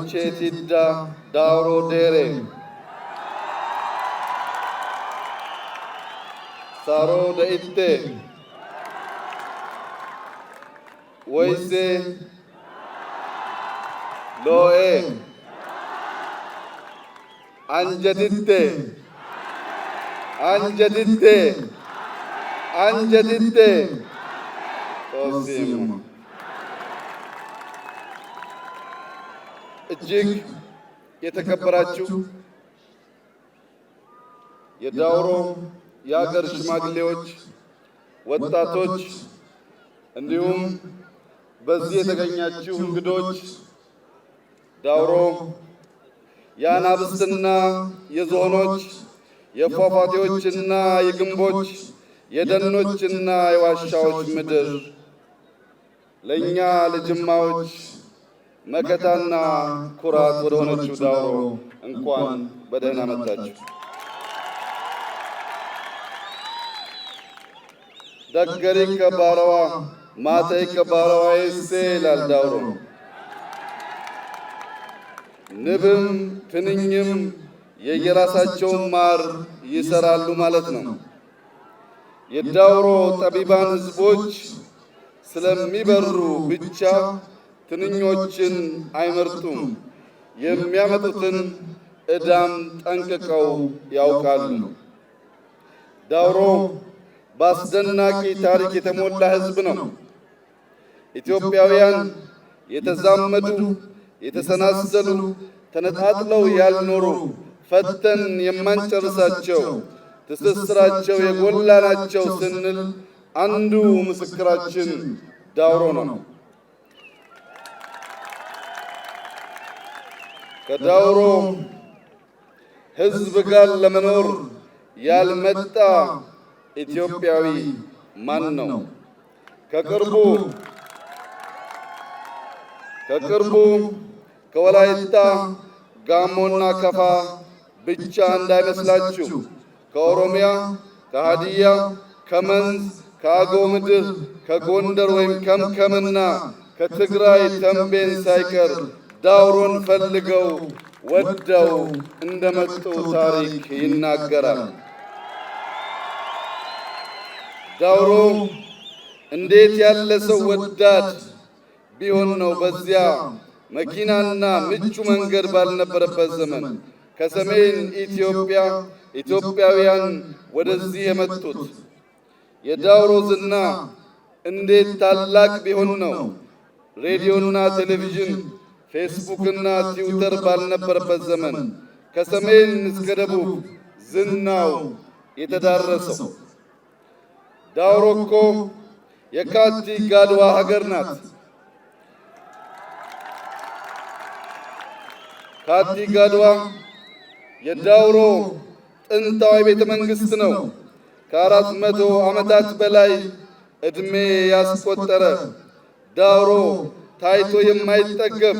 Concetidda Daurodere. Sarode itte. Wese. Loe. anjaditte anjaditte anjaditte Anjeditte. Anjeditte. እጅግ የተከበራችሁ የዳውሮ የሀገር ሽማግሌዎች፣ ወጣቶች እንዲሁም በዚህ የተገኛችሁ እንግዶች ዳውሮ የአናብስትና የዝሆኖች የፏፏቴዎችና የግንቦች የደኖችና የዋሻዎች ምድር ለእኛ ለጅማዎች መከታና ኩራት ወደ ሆነችው ዳውሮ እንኳን በደህና መጣችሁ። ደገሪ ከባረዋ ማተይ ከባረዋ ይሴ ይላል ዳውሮ። ንብም ትንኝም የየራሳቸውን ማር ይሰራሉ ማለት ነው። የዳውሮ ጠቢባን ህዝቦች ስለሚበሩ ብቻ ትንኞችን አይመርጡም። የሚያመጡትን ዕዳም ጠንቅቀው ያውቃሉ። ዳውሮ በአስደናቂ ታሪክ የተሞላ ሕዝብ ነው። ኢትዮጵያውያን የተዛመዱ፣ የተሰናሰሉ፣ ተነጣጥለው ያልኖሩ፣ ፈተን የማንጨርሳቸው፣ ትስስራቸው የጎላ ናቸው ስንል አንዱ ምስክራችን ዳውሮ ነው። ከዳውሮ ሕዝብ ጋር ለመኖር ያልመጣ ኢትዮጵያዊ ማን ነው? ከቅርቡ ከቅርቡ ከወላይታ ጋሞና ከፋ ብቻ እንዳይመስላችሁ ከኦሮሚያ፣ ከሀዲያ፣ ከመንዝ፣ ከአገው ምድር፣ ከጎንደር ወይም ከምከምና ከትግራይ ተንቤን ሳይቀር ዳውሮን ፈልገው ወደው እንደመጡ ታሪክ ይናገራል። ዳውሮ እንዴት ያለ ሰው ወዳድ ቢሆን ነው በዚያ መኪናና ምቹ መንገድ ባልነበረበት ዘመን ከሰሜን ኢትዮጵያ ኢትዮጵያውያን ወደዚህ የመጡት። የዳውሮ ዝና እንዴት ታላቅ ቢሆን ነው ሬዲዮና ቴሌቪዥን ፌስቡክና ትዊተር ባልነበረበት ዘመን ከሰሜን እስከ ደቡብ ዝናው የተዳረሰው ዳውሮ እኮ የካቲ ጋድዋ ሀገር ናት። ካቲ ጋድዋ የዳውሮ ጥንታዊ ቤተ መንግስት ነው። ከአራት መቶ ዓመታት በላይ እድሜ ያስቆጠረ ዳውሮ ታይቶ የማይጠገብ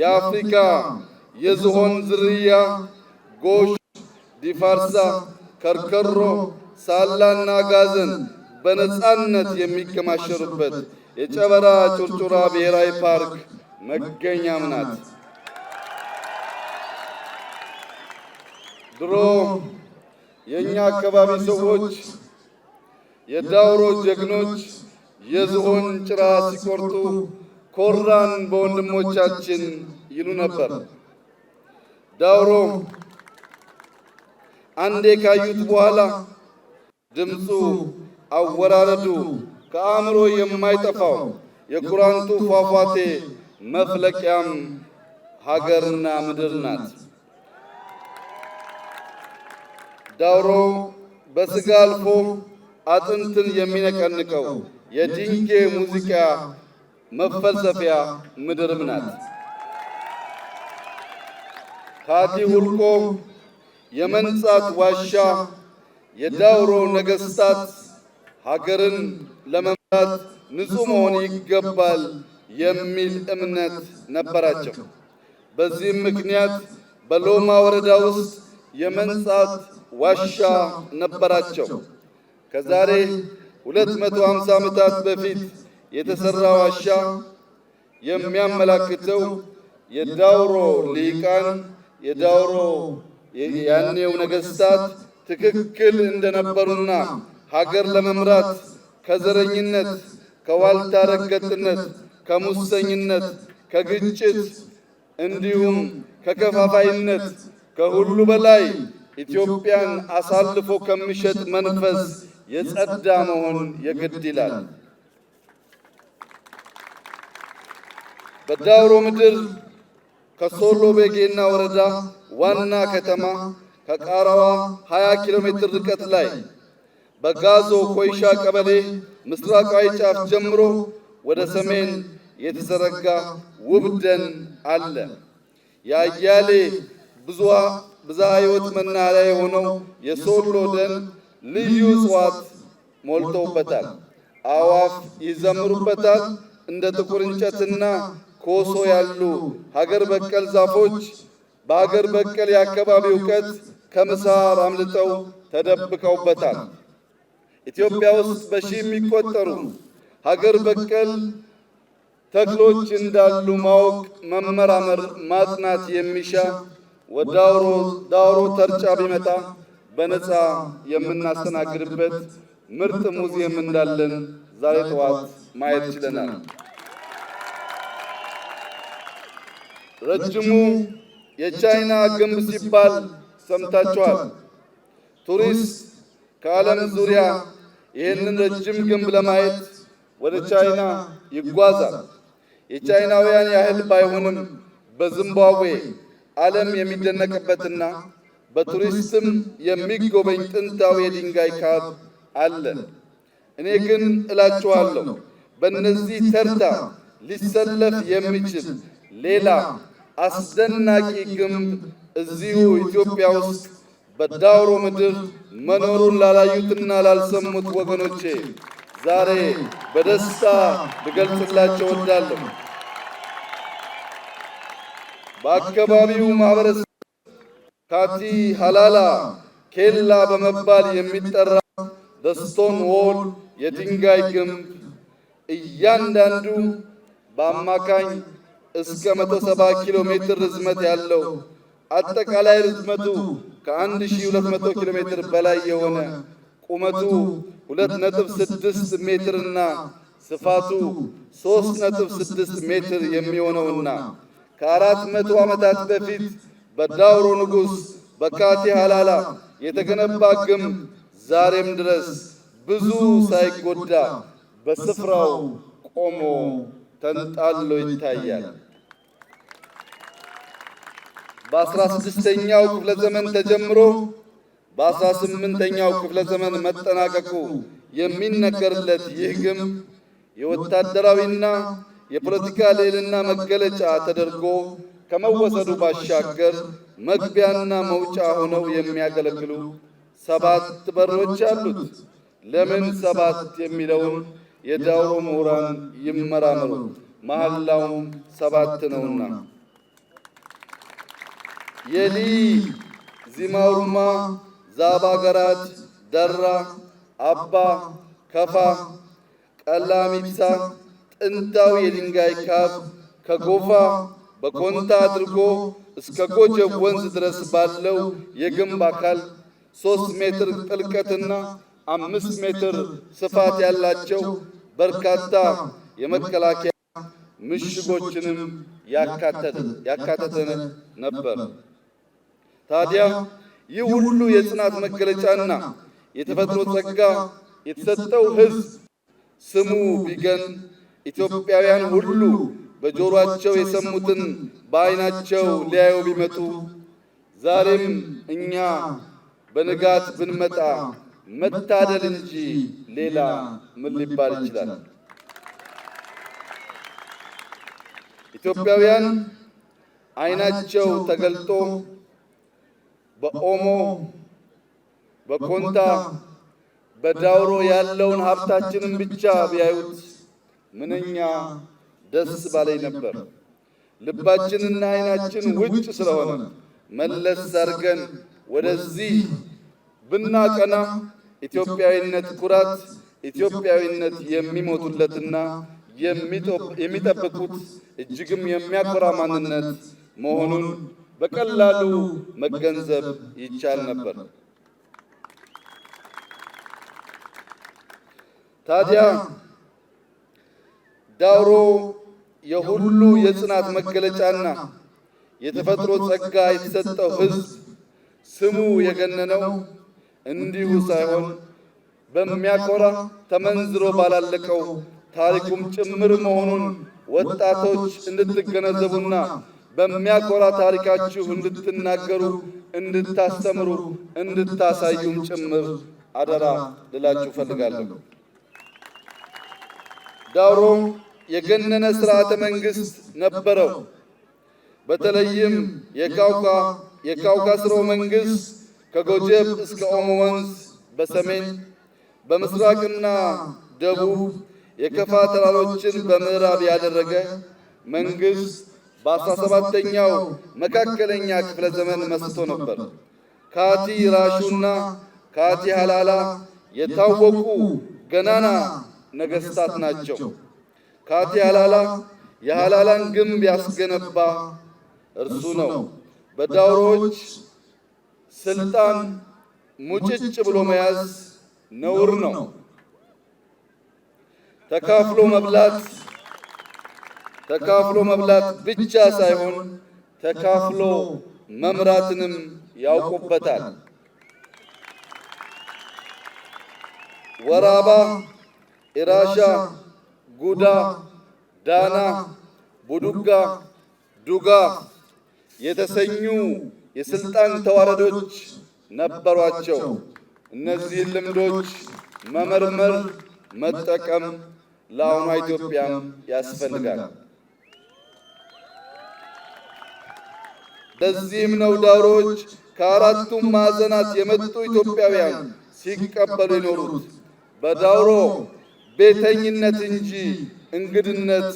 የአፍሪካ የዝሆን ዝርያ ጎሽ፣ ዲፋርሳ፣ ከርከሮ፣ ሳላና ጋዘን በነፃነት የሚከማሸሩበት የጨበራ ጩርጩራ ብሔራዊ ፓርክ መገኛም ናት። ድሮ የእኛ አካባቢ ሰዎች የዳውሮ ጀግኖች የዝሆን ጭራ ሲቆርጡ ኮራን በወንድሞቻችን ይሉ ነበር። ዳውሮ አንዴ ካዩት በኋላ ድምፁ፣ አወራረዱ ከአእምሮ የማይጠፋው የኩራንቱ ፏፏቴ መፍለቂያም ሀገርና ምድር ናት። ዳውሮ በስጋ አልፎ አጥንትን የሚነቀንቀው የድንጌ ሙዚቃ መፈልሰፊያ ምድርም ናት። ካቲ ውልቆ የመንጻት ዋሻ የዳውሮ ነገስታት ሀገርን ለመምራት ንጹህ መሆን ይገባል የሚል እምነት ነበራቸው። በዚህም ምክንያት በሎማ ወረዳ ውስጥ የመንጻት ዋሻ ነበራቸው። ከዛሬ 250 ዓመታት በፊት የተሰራ ዋሻ የሚያመላክተው የዳውሮ ሊቃን የዳውሮ ያኔው ነገስታት ትክክል እንደነበሩና ሀገር ለመምራት ከዘረኝነት፣ ከዋልታ ረገጥነት፣ ከሙሰኝነት፣ ከግጭት እንዲሁም ከከፋፋይነት ከሁሉ በላይ ኢትዮጵያን አሳልፎ ከሚሸጥ መንፈስ የጸዳ መሆን የግድ ይላል። በዳውሮ ምድር ከሶሎ ቤጌና ወረዳ ዋና ከተማ ከቃራዋ 20 ኪሎ ሜትር ርቀት ላይ በጋዞ ኮይሻ ቀበሌ ምስራቃዊ ጫፍ ጀምሮ ወደ ሰሜን የተዘረጋ ውብ ደን አለ። የአያሌ ብዝሃ ሕይወት መናኸሪያ የሆነው የሶሎ ደን ልዩ እፅዋት ሞልተውበታል። አዕዋፍ ይዘምሩበታል። እንደ ጥቁር እንጨትና ኮሶ ያሉ ሀገር በቀል ዛፎች በሀገር በቀል የአካባቢ እውቀት ከምሳር አምልጠው ተደብቀውበታል። ኢትዮጵያ ውስጥ በሺ የሚቆጠሩ ሀገር በቀል ተክሎች እንዳሉ ማወቅ፣ መመራመር፣ ማጥናት የሚሻ ወደ ዳውሮ ተርጫ ቢመጣ በነፃ የምናስተናግድበት ምርጥ ሙዚየም እንዳለን ዛሬ ጠዋት ማየት ችለናል። ረጅሙ የቻይና ግንብ ሲባል ሰምታችኋል። ቱሪስት ከዓለም ዙሪያ ይህንን ረጅም ግንብ ለማየት ወደ ቻይና ይጓዛል። የቻይናውያን ያህል ባይሆንም በዚምባብዌ ዓለም የሚደነቅበትና በቱሪስትም የሚጎበኝ ጥንታዊ የድንጋይ ካብ አለ። እኔ ግን እላችኋለሁ በእነዚህ ተርታ ሊሰለፍ የሚችል ሌላ አስደናቂ ግንብ እዚሁ ኢትዮጵያ ውስጥ በዳውሮ ምድር መኖሩን ላላዩትና ላልሰሙት ወገኖቼ ዛሬ በደስታ ልገልጽላቸው እወዳለሁ። በአካባቢው ማህበረሰብ ካቲ ሃላላ ኬላ በመባል የሚጠራ በስቶን ዎል የድንጋይ ግንብ እያንዳንዱ በአማካኝ እስከ 170 ኪሎ ሜትር ርዝመት ያለው አጠቃላይ ርዝመቱ ከ1200 ኪሎ ሜትር በላይ የሆነ ቁመቱ 2.6 ሜትርና ስፋቱ 3.6 ሜትር የሚሆነውና ከ400 ዓመታት በፊት በዳውሮ ንጉሥ በካቲ ሃላላ የተገነባ ግንብ ዛሬም ድረስ ብዙ ሳይጎዳ በስፍራው ቆሞ ተንጣሎ ይታያል። በ16ኛው ክፍለ ዘመን ተጀምሮ በ18ኛው ክፍለ ዘመን መጠናቀቁ የሚነገርለት ይህ ግንብ የወታደራዊና የፖለቲካ ልዕልና መገለጫ ተደርጎ ከመወሰዱ ባሻገር መግቢያና መውጫ ሆነው የሚያገለግሉ ሰባት በሮች አሉት። ለምን ሰባት የሚለውን የዳውሮ ምሁራን ይመራመሩ፣ መሐላውም ሰባት ነውና የሊ ዚማሩማ ዛባ ገራት ደራ አባ ከፋ ቀላሚሳ ጥንታዊ የድንጋይ ካብ ከጎፋ በኮንታ አድርጎ እስከ ጎጀብ ወንዝ ድረስ ባለው የግንብ አካል ሶስት ሜትር ጥልቀትና አምስት ሜትር ስፋት ያላቸው በርካታ የመከላከያ ምሽጎችንም ያካተተ ነበር። ታዲያ ይህ ሁሉ የጽናት መገለጫና የተፈጥሮ ጸጋ የተሰጠው ሕዝብ ስሙ ቢገን ኢትዮጵያውያን ሁሉ በጆሮአቸው የሰሙትን በዓይናቸው ሊያዩ ቢመጡ ዛሬም እኛ በንጋት ብንመጣ መታደል እንጂ ሌላ ምን ሊባል ይችላል? ኢትዮጵያውያን አይናቸው ተገልጦ በኦሞ በኮንታ በዳውሮ ያለውን ሀብታችንን ብቻ ቢያዩት ምንኛ ደስ ባለኝ ነበር። ልባችንና አይናችን ውጭ ስለሆነ መለስ አድርገን ወደዚህ ብናቀና ኢትዮጵያዊነት ኩራት፣ ኢትዮጵያዊነት የሚሞቱለትና የሚጠብቁት እጅግም የሚያኮራ ማንነት መሆኑን በቀላሉ መገንዘብ ይቻል ነበር። ታዲያ ዳውሮ የሁሉ የጽናት መገለጫና የተፈጥሮ ጸጋ የተሰጠው ሕዝብ ስሙ የገነነው እንዲሁ ሳይሆን በሚያኮራ ተመንዝሮ ባላለቀው ታሪኩም ጭምር መሆኑን ወጣቶች እንድትገነዘቡና በሚያኮራ ታሪካችሁ እንድትናገሩ፣ እንድታስተምሩ፣ እንድታሳዩም ጭምር አደራ ልላችሁ ፈልጋለሁ። ዳውሮ የገነነ ስርዓተ መንግስት ነበረው። በተለይም የካውካ የካውካ ስርወ መንግስት ከጎጀብ እስከ ኦሞ ወንዝ በሰሜን በምስራቅና ደቡብ የከፋ ተራሮችን በምዕራብ ያደረገ መንግሥት በአስራ ሰባተኛው መካከለኛ ክፍለ ዘመን መስቶ ነበር። ካቲ ራሹና ካቲ ሃላላ የታወቁ ገናና ነገሥታት ናቸው። ካቲ ሃላላ የሃላላን ግንብ ያስገነባ እርሱ ነው። በዳውሮዎች ስልጣን ሙጭጭ ብሎ መያዝ ነውር ነው። ተካፍሎ መብላት ተካፍሎ መብላት ብቻ ሳይሆን ተካፍሎ መምራትንም ያውቁበታል። ወራባ፣ ኢራሻ፣ ጉዳ፣ ዳና፣ ቡዱጋ፣ ዱጋ የተሰኙ የስልጣን ተዋረዶች ነበሯቸው። እነዚህን ልምዶች መመርመር፣ መጠቀም ለአሁኗ ኢትዮጵያም ያስፈልጋል። ለዚህም ነው ዳሮች ከአራቱም ማዕዘናት የመጡ ኢትዮጵያውያን ሲቀበሉ የኖሩት በዳውሮ ቤተኝነት እንጂ እንግድነት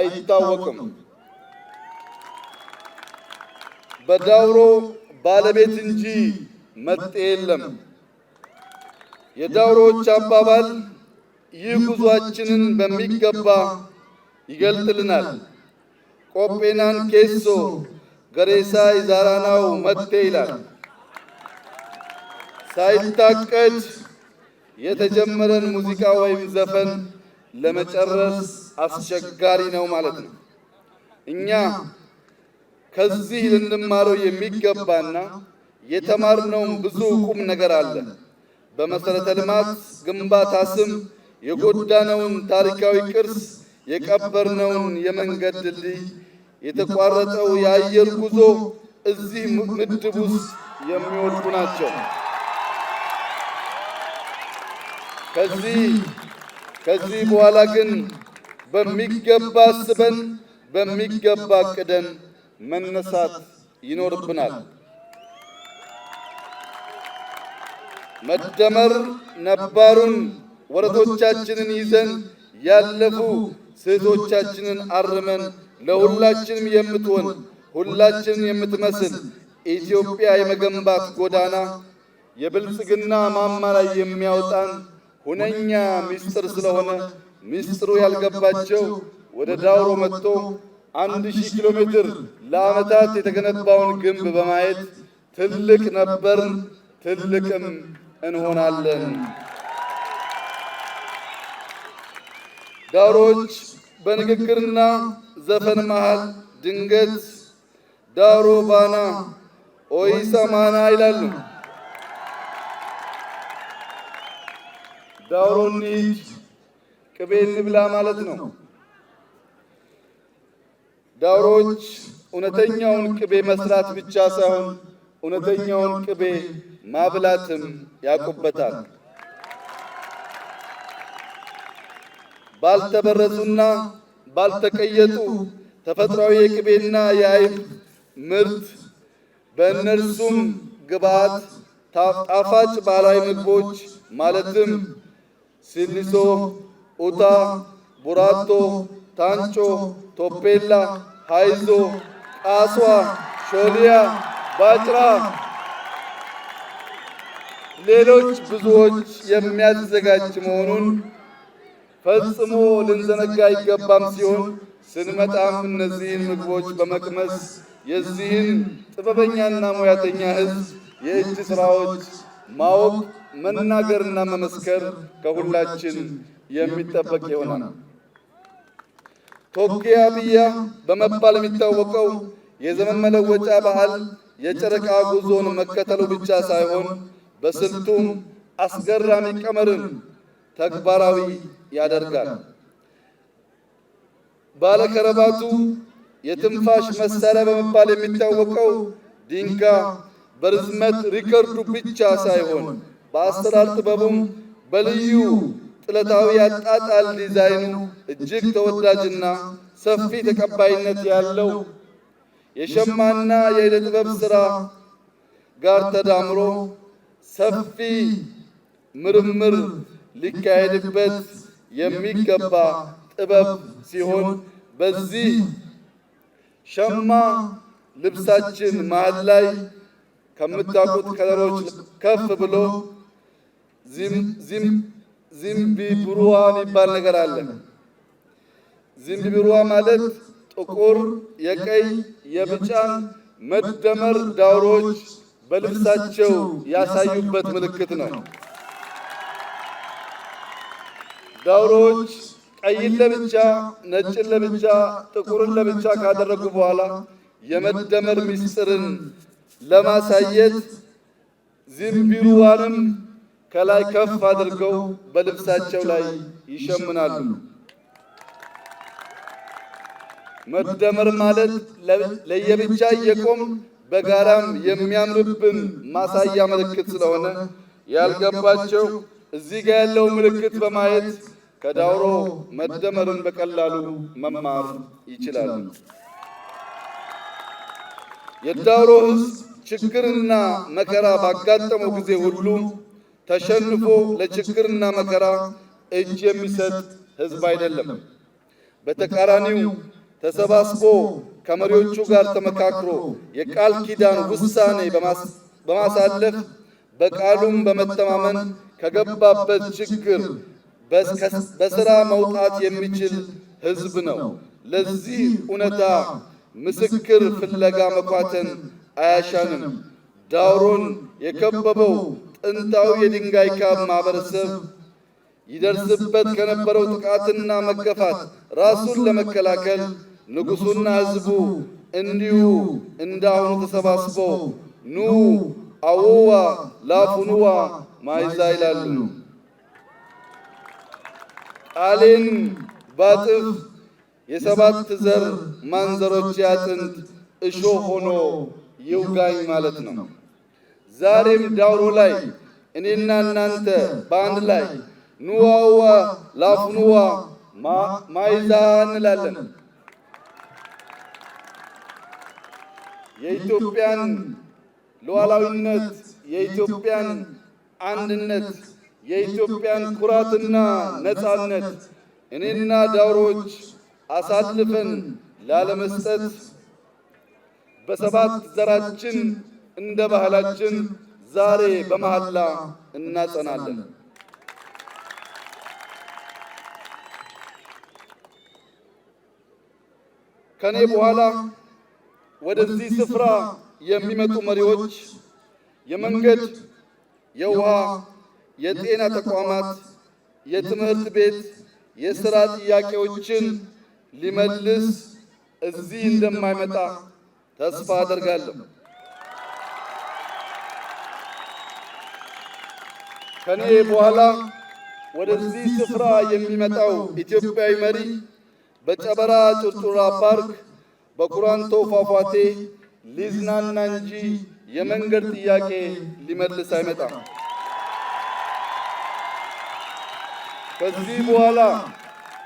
አይታወቅም። በዳውሮ ባለቤት እንጂ መጤ የለም። የዳውሮዎች አባባል ይህ ጉዟችንን በሚገባ ይገልጥልናል። ቆጴናን ኬሶ ገሬሳ ይዛራናው መጤ ይላል። ሳይታቀድ የተጀመረን ሙዚቃ ወይም ዘፈን ለመጨረስ አስቸጋሪ ነው ማለት ነው። እኛ ከዚህ ልንማረው የሚገባና የተማርነውም ብዙ ቁም ነገር አለ። በመሰረተ ልማት ግንባታ ስም የጎዳነውን ታሪካዊ ቅርስ፣ የቀበርነውን የመንገድ ድልድይ፣ የተቋረጠው የአየር ጉዞ እዚህ ምድብ ውስጥ የሚወድቁ ናቸው። ከዚህ ከዚህ በኋላ ግን በሚገባ አስበን በሚገባ አቅደን መነሳት ይኖርብናል። መደመር ነባሩን ወረቶቻችንን ይዘን ያለፉ ስህቶቻችንን አርመን ለሁላችንም የምትሆን ሁላችንን የምትመስል ኢትዮጵያ የመገንባት ጎዳና የብልጽግና ማማ ላይ የሚያወጣን ሁነኛ ምስጢር ስለሆነ ምስጢሩ ያልገባቸው ወደ ዳውሮ መጥቶ አንድ ሺህ ኪሎ ሜትር ለዓመታት የተገነባውን ግንብ በማየት ትልቅ ነበር፣ ትልቅም እንሆናለን። ዳሮች በንግግርና ዘፈን መሃል ድንገት ዳሮ ባና ኦይሳ ማና ይላሉ። ዳሮ እንሂድ ቅቤ እንብላ ማለት ነው። ዳውሮች እውነተኛውን ቅቤ መስራት ብቻ ሳይሆን እውነተኛውን ቅቤ ማብላትም ያውቁበታል። ባልተበረዙና ባልተቀየጡ ተፈጥሯዊ የቅቤና የአይብ ምርት በእነርሱም ግብዓት ጣፋጭ ባህላዊ ምግቦች ማለትም ሲሊሶ፣ ኡታ፣ ቡራቶ ታንጮ፣ ቶፔላ፣ ሃይዞ፣ ቃሷ፣ ሾሊያ፣ ባጭራ፣ ሌሎች ብዙዎች የሚያዘጋጅ መሆኑን ፈጽሞ ልንዘነጋ አይገባም ሲሆን ስንመጣም እነዚህን ምግቦች በመቅመስ የዚህን ጥበበኛና ሙያተኛ ሕዝብ የእጅ ሥራዎች ማወቅ መናገርና መመስከር ከሁላችን የሚጠበቅ ይሆናል። ኮኪያ ብያ በመባል የሚታወቀው የዘመን መለወጫ ባህል የጨረቃ ጉዞን መከተሉ ብቻ ሳይሆን በስልቱም አስገራሚ ቀመርን ተግባራዊ ያደርጋል። ባለከረባቱ የትንፋሽ መሳሪያ በመባል የሚታወቀው ዲንጋ በርዝመት ሪከርዱ ብቻ ሳይሆን በአሰራር ጥበቡም በልዩ ጥለታዊ ያጣጣል ዲዛይኑ እጅግ ተወዳጅና ሰፊ ተቀባይነት ያለው የሸማና የዕደ ጥበብ ሥራ ጋር ተዳምሮ ሰፊ ምርምር ሊካሄድበት የሚገባ ጥበብ ሲሆን በዚህ ሸማ ልብሳችን መሃል ላይ ከምታውቁት ከለሮች ከፍ ብሎ ዚም ዝንቢ ብሩዋ የሚባል ነገር አለ። ዝንቢ ብሩዋ ማለት ጥቁር፣ የቀይ፣ የብጫ መደመር ዳውሮች በልብሳቸው ያሳዩበት ምልክት ነው። ዳውሮች ቀይን ለብቻ፣ ነጭን ለብቻ፣ ጥቁርን ለብቻ ካደረጉ በኋላ የመደመር ምስጢርን ለማሳየት ዝንቢሩዋንም ከላይ ከፍ አድርገው በልብሳቸው ላይ ይሸምናሉ። መደመር ማለት ለየብቻ እየቆም በጋራም የሚያምርብን ማሳያ ምልክት ስለሆነ ያልገባቸው እዚህ ጋር ያለው ምልክት በማየት ከዳውሮ መደመርን በቀላሉ መማር ይችላሉ። የዳውሮ ሕዝብ ችግርና መከራ ባጋጠመው ጊዜ ሁሉ ተሸንፎ ለችግርና መከራ እጅ የሚሰጥ ህዝብ አይደለም። በተቃራኒው ተሰባስቦ ከመሪዎቹ ጋር ተመካክሮ የቃል ኪዳን ውሳኔ በማሳለፍ በቃሉም በመተማመን ከገባበት ችግር በስራ መውጣት የሚችል ህዝብ ነው። ለዚህ እውነታ ምስክር ፍለጋ መኳተን አያሻንም። ዳውሮን የከበበው ጥንታዊ የድንጋይ ካብ ማህበረሰብ ይደርስበት ከነበረው ጥቃትና መከፋት ራሱን ለመከላከል ንጉሱና ህዝቡ እንዲሁ እንዳሁኑ ተሰባስበው ኑ አዎዋ ላፉኑዋ ማይዛ ይላሉ። ቃሌን ባጥፍ የሰባት ዘር ማንዘሮች ያጥንት እሾህ ሆኖ ይውጋኝ ማለት ነው። ዛሬም ዳውሮ ላይ እኔና እናንተ በአንድ ላይ ኑዋዋ ላፍኑዋ ማይዛ እንላለን። የኢትዮጵያን ሉዓላዊነት፣ የኢትዮጵያን አንድነት፣ የኢትዮጵያን ኩራትና ነፃነት እኔና ዳውሮዎች አሳልፈን ላለመስጠት በሰባት ዘራችን እንደ ባህላችን ዛሬ በመሐላ እናጸናለን። ከኔ በኋላ ወደዚህ ስፍራ የሚመጡ መሪዎች የመንገድ፣ የውሃ፣ የጤና ተቋማት፣ የትምህርት ቤት፣ የስራ ጥያቄዎችን ሊመልስ እዚህ እንደማይመጣ ተስፋ አደርጋለሁ። ከኔ በኋላ ወደዚህ ስፍራ የሚመጣው ኢትዮጵያዊ መሪ በጨበራ ጩርጩራ ፓርክ በኩራንቶ ፏፏቴ ሊዝናና እንጂ የመንገድ ጥያቄ ሊመልስ አይመጣም። ከዚህ በኋላ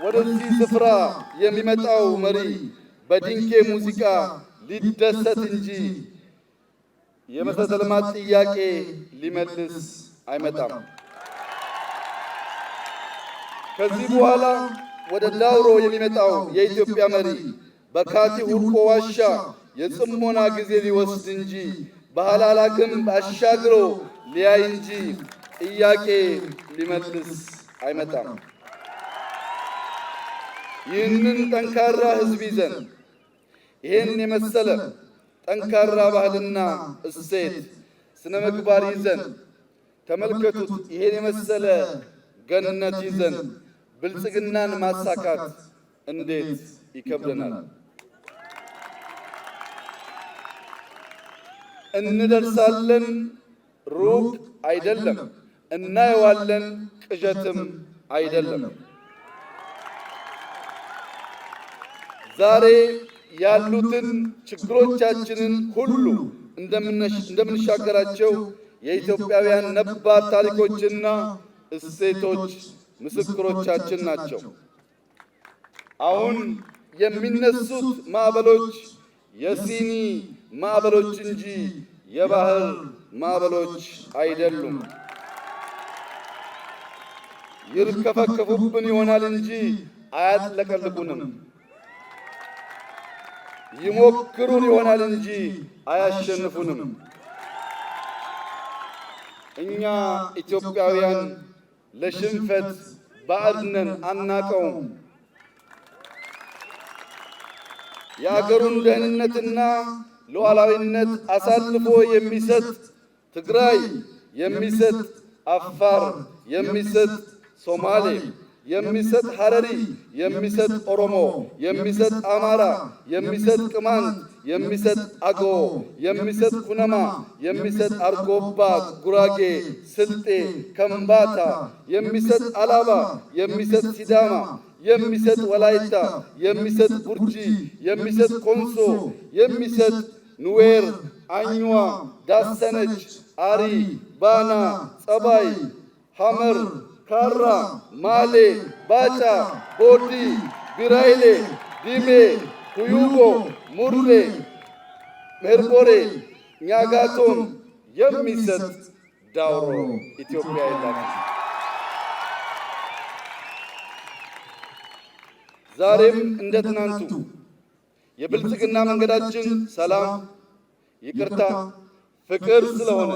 ወደዚህ ስፍራ የሚመጣው መሪ በድንኬ ሙዚቃ ሊደሰት እንጂ የመሰረተ ልማት ጥያቄ ሊመልስ አይመጣም። ከዚህ በኋላ ወደ ዳውሮ የሚመጣው የኢትዮጵያ መሪ በካቲ ሁልቆ ዋሻ የጽሞና ጊዜ ሊወስድ እንጂ በሐላላ ግንብ አሻግሮ ሊያይ እንጂ ጥያቄ ሊመልስ አይመጣም። ይህንን ጠንካራ ሕዝብ ይዘን ይህን የመሰለ ጠንካራ ባህልና እሴት ስነ ምግባር ይዘን ተመልከቱት። ይሄን የመሰለ ገንነት ይዘን ብልጽግናን ማሳካት እንዴት ይከብደናል? እንደርሳለን፣ ሩቅ አይደለም። እናየዋለን፣ ቅዠትም አይደለም። ዛሬ ያሉትን ችግሮቻችንን ሁሉ እንደምንሻገራቸው የኢትዮጵያውያን ነባር ታሪኮችና እሴቶች ምስክሮቻችን ናቸው። አሁን የሚነሱት ማዕበሎች የሲኒ ማዕበሎች እንጂ የባህር ማዕበሎች አይደሉም። ይርከፈከፉብን ይሆናል እንጂ አያጥለቀልቁንም። ይሞክሩን ይሆናል እንጂ አያሸንፉንም። እኛ ኢትዮጵያውያን ለሽንፈት ባዕድ አናቀው አናቀውም። የአገሩን ደህንነትና ሉዓላዊነት አሳልፎ የሚሰጥ ትግራይ የሚሰጥ አፋር የሚሰጥ ሶማሌ የሚሰጥ ሐረሪ የሚሰጥ ኦሮሞ የሚሰጥ አማራ የሚሰጥ ቅማንት የሚሰጥ አጎ፣ የሚሰጥ ኩነማ፣ የሚሰጥ አርጎባ፣ ጉራጌ፣ ስልጤ፣ ከምባታ፣ የሚሰጥ አላባ፣ የሚሰጥ ሲዳማ፣ የሚሰጥ ወላይታ፣ የሚሰጥ ቡርጂ፣ የሚሰጥ ኮንሶ፣ የሚሰጥ ኑዌር፣ አኝዋ፣ ዳሰነች፣ አሪ፣ ባና፣ ጸባይ፣ ሐመር፣ ካራ፣ ማሌ፣ ባጫ፣ ቦዲ፣ ቢራይሌ፣ ዲሜ፣ ኩዩጎ ሙርሌ፣ ሜርቆሬ፣ ኛጋቶም የሚሰጥ ዳውሮ ኢትዮጵያ የላት። ዛሬም እንደ ትናንቱ የብልጽግና መንገዳችን ሰላም፣ ይቅርታ፣ ፍቅር ስለሆነ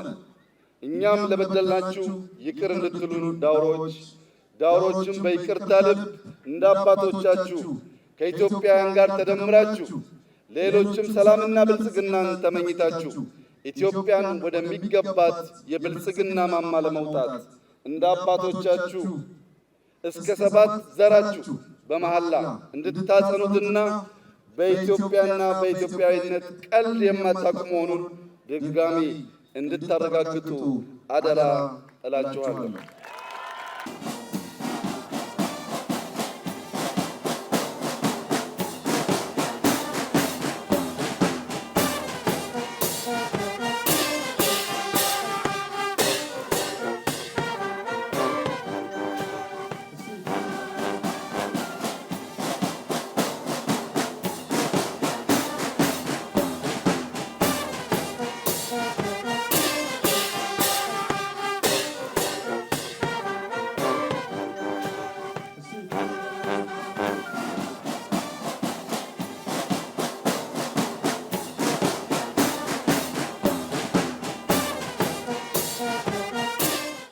እኛም ለበደልናችሁ ይቅር እንድትሉን ዳውሮች ዳውሮችን በይቅርታ ልብ እንደ አባቶቻችሁ ከኢትዮጵያውያን ጋር ተደምራችሁ ሌሎችም ሰላምና ብልጽግናን ተመኝታችሁ ኢትዮጵያን ወደሚገባት የብልጽግና ማማ ለመውጣት እንደ አባቶቻችሁ እስከ ሰባት ዘራችሁ በመሐላ እንድታጸኑትና በኢትዮጵያና በኢትዮጵያዊነት ቀልድ የማታውቁ መሆኑን ድጋሚ እንድታረጋግጡ አደራ እላችኋለሁ።